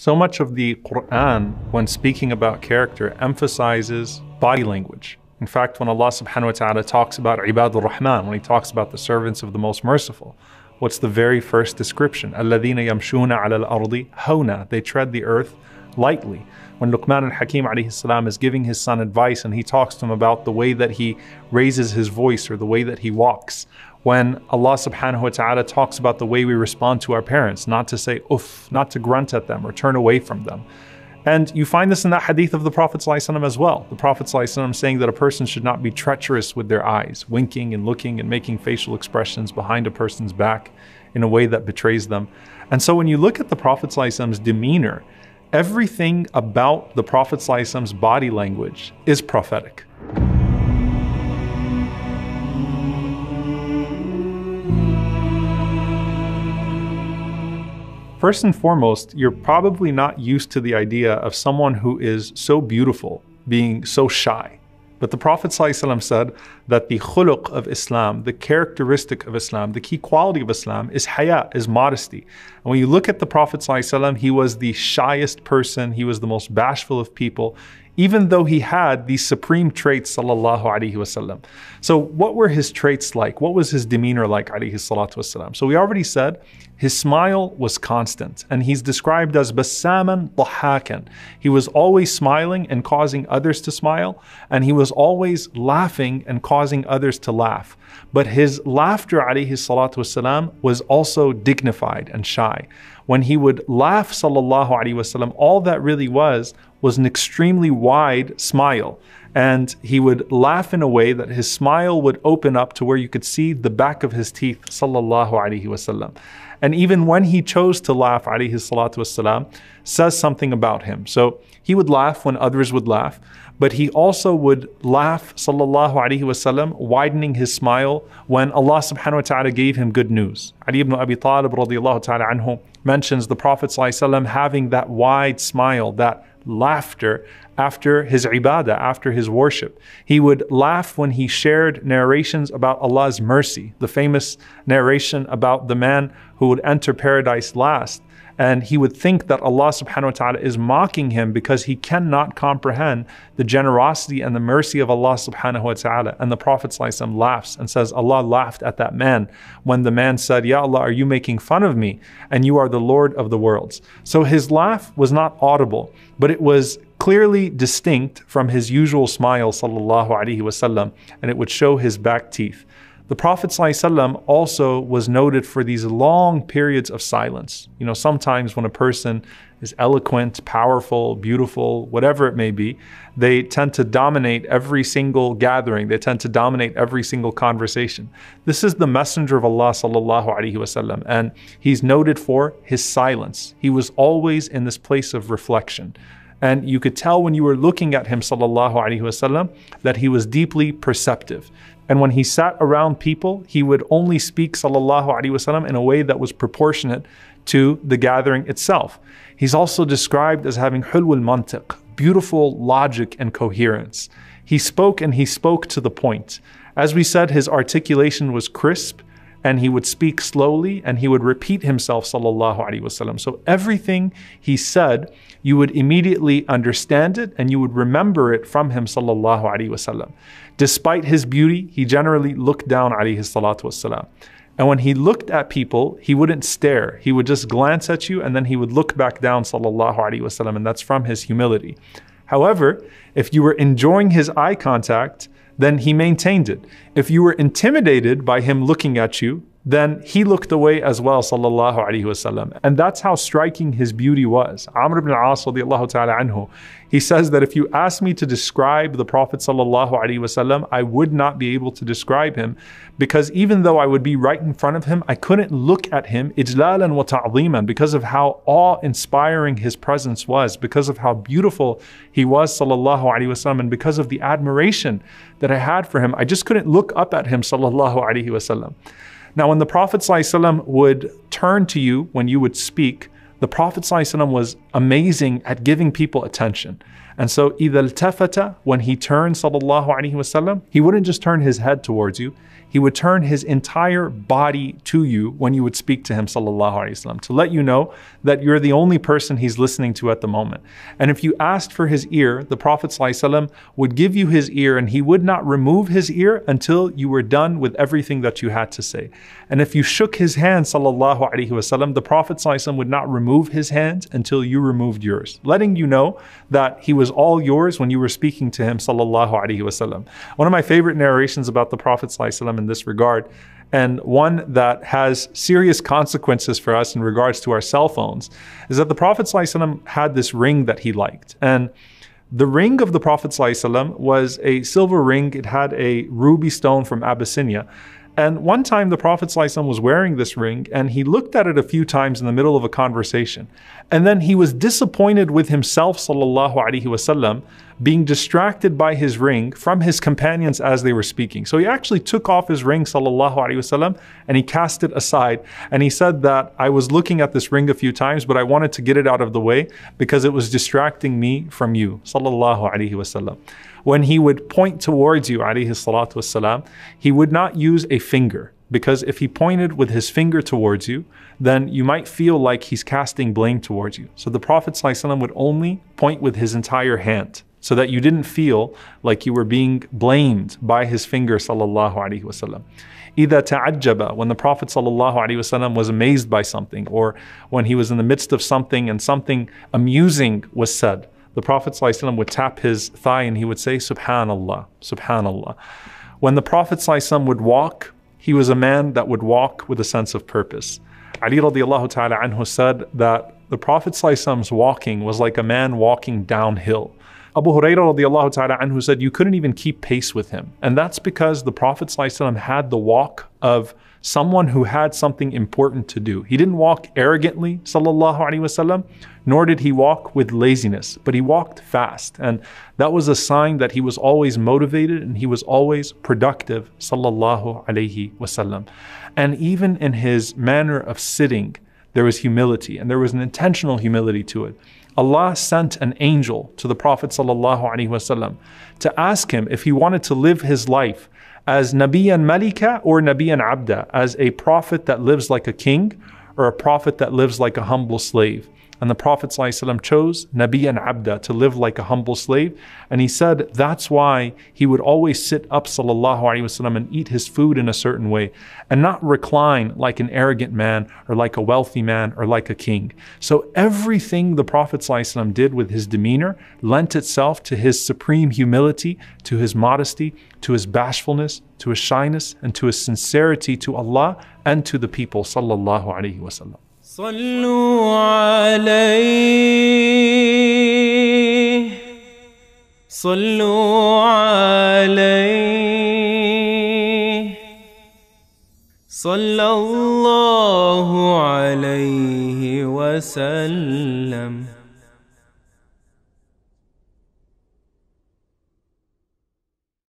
So much of the Quran, when speaking about character, emphasizes body language. In fact, when Allah subhanahu wa ta'ala talks about Ibadur Rahman, when he talks about the servants of the most merciful, what's the very first description? Alladina yamshuna al-ardi hawna. They tread the earth lightly. When Luqman al-Hakim alayhi salam is giving his son advice and he talks to him about the way that he raises his voice or the way that he walks when Allah subhanahu wa ta'ala talks about the way we respond to our parents, not to say uff, not to grunt at them or turn away from them. And you find this in that hadith of the Prophet as well. The Prophet saying that a person should not be treacherous with their eyes, winking and looking and making facial expressions behind a person's back in a way that betrays them. And so when you look at the Prophet demeanor, everything about the Prophet body language is prophetic. First and foremost, you're probably not used to the idea of someone who is so beautiful being so shy. But the Prophet ﷺ said that the khuluq of Islam, the characteristic of Islam, the key quality of Islam is haya, is modesty. And when you look at the Prophet ﷺ, he was the shyest person, he was the most bashful of people even though he had these supreme traits, sallallahu alaihi wasallam. So, what were his traits like? What was his demeanor like, alaihi salatu wasallam? So, we already said his smile was constant, and he's described as basaman dhahakan. He was always smiling and causing others to smile, and he was always laughing and causing others to laugh. But his laughter, alaihi salatu wasallam, was also dignified and shy. When he would laugh, sallallahu alaihi wasallam, all that really was was an extremely wide smile, and he would laugh in a way that his smile would open up to where you could see the back of his teeth, sallallahu alaihi wasallam. And even when he chose to laugh, alayhi salatu wasalam, says something about him. So he would laugh when others would laugh, but he also would laugh, sallallahu alayhi wasallam, widening his smile when Allah subhanahu wa ta'ala gave him good news. Ali ibn Abi Talib radiallahu ta'ala anhu mentions the Prophet sallallahu alayhi wasallam having that wide smile, that laughter after his ibadah, after his worship. He would laugh when he shared narrations about Allah's mercy, the famous narration about the man who would enter paradise last. And he would think that Allah subhanahu wa ta'ala is mocking him because he cannot comprehend the generosity and the mercy of Allah subhanahu wa ta'ala. And the Prophet laughs and says, Allah laughed at that man when the man said, Ya Allah, are you making fun of me? And you are the Lord of the worlds. So his laugh was not audible, but it was clearly distinct from his usual smile sallallahu alaihi wasallam and it would show his back teeth. The Prophet also was noted for these long periods of silence. You know, sometimes when a person is eloquent, powerful, beautiful, whatever it may be, they tend to dominate every single gathering. They tend to dominate every single conversation. This is the messenger of Allah sallallahu alaihi wasallam, and he's noted for his silence. He was always in this place of reflection. And you could tell when you were looking at him, sallallahu wasallam, that he was deeply perceptive. And when he sat around people, he would only speak sallallahu wasallam in a way that was proportionate to the gathering itself. He's also described as having hulwul mantiq, beautiful logic and coherence. He spoke and he spoke to the point. As we said, his articulation was crisp and he would speak slowly and he would repeat himself sallallahu alaihi wasallam so everything he said you would immediately understand it and you would remember it from him sallallahu alaihi wasallam despite his beauty he generally looked down alaihi salatu wasallam and when he looked at people he wouldn't stare he would just glance at you and then he would look back down sallallahu alaihi wasallam and that's from his humility however if you were enjoying his eye contact then he maintained it. If you were intimidated by him looking at you, then he looked away as well, sallallahu alaihi wasallam. And that's how striking his beauty was. Amr ibn al-As ta'ala anhu, he says that if you ask me to describe the Prophet sallallahu alaihi wasallam, I would not be able to describe him because even though I would be right in front of him, I couldn't look at him ijlalan wa ta'liman because of how awe-inspiring his presence was, because of how beautiful he was sallallahu alaihi wasallam, and because of the admiration that I had for him, I just couldn't look up at him sallallahu alaihi wasallam. Now, when the Prophet ﷺ would turn to you when you would speak, the Prophet ﷺ was amazing at giving people attention. And so, إِذَا الْتَفَتَ When he turned, sallallahu alaihi wasallam, he wouldn't just turn his head towards you, he would turn his entire body to you when you would speak to him, sallallahu alaihi wasallam, to let you know that you're the only person he's listening to at the moment. And if you asked for his ear, the Prophet sallallahu would give you his ear and he would not remove his ear until you were done with everything that you had to say. And if you shook his hand, sallallahu alaihi wasallam, the Prophet sallallahu would not remove his hand until you removed yours, letting you know that he was was all yours when you were speaking to him sallallahu alaihi wasallam. One of my favorite narrations about the Prophet sallallahu in this regard and one that has serious consequences for us in regards to our cell phones is that the Prophet had this ring that he liked. And the ring of the Prophet was a silver ring, it had a ruby stone from Abyssinia. And one time the Prophet ﷺ was wearing this ring and he looked at it a few times in the middle of a conversation. And then he was disappointed with himself wasallam, being distracted by his ring from his companions as they were speaking. So he actually took off his ring, sallallahu alaihi wasallam, and he cast it aside. And he said that I was looking at this ring a few times, but I wanted to get it out of the way because it was distracting me from you, sallallahu alaihi wasallam. When he would point towards you, alayhi salatu wasalam, he would not use a finger because if he pointed with his finger towards you, then you might feel like he's casting blame towards you. So the Prophet would only point with his entire hand so that you didn't feel like you were being blamed by his finger sallallahu alaihi wasallam إذا تعجب when the Prophet sallallahu alaihi wasallam was amazed by something or when he was in the midst of something and something amusing was said the Prophet sallallahu alaihi wasallam would tap his thigh and he would say subhanallah subhanallah when the Prophet sallallahu alaihi would walk he was a man that would walk with a sense of purpose Ali radiallahu ta'ala anhu said that the Prophet sallallahu walking was like a man walking downhill Abu Hurairah radiallahu ta'ala anhu said, You couldn't even keep pace with him. And that's because the Prophet had the walk of someone who had something important to do. He didn't walk arrogantly, sallallahu alaihi wasallam, nor did he walk with laziness, but he walked fast. And that was a sign that he was always motivated and he was always productive, sallallahu alaihi wasallam. And even in his manner of sitting, there was humility and there was an intentional humility to it. Allah sent an angel to the Prophet ﷺ to ask him if he wanted to live his life as Nabiyan Malika or Nabiyan Abda, as a prophet that lives like a king or a prophet that lives like a humble slave. And the Prophet ﷺ chose and Abda to live like a humble slave. And he said that's why he would always sit up وسلم, and eat his food in a certain way and not recline like an arrogant man or like a wealthy man or like a king. So everything the Prophet ﷺ did with his demeanor lent itself to his supreme humility, to his modesty, to his bashfulness, to his shyness, and to his sincerity to Allah and to the people. Sallallahu Alaihi Wasallam. صلوا عليه صلوا عليه صلى الله عليه وسلم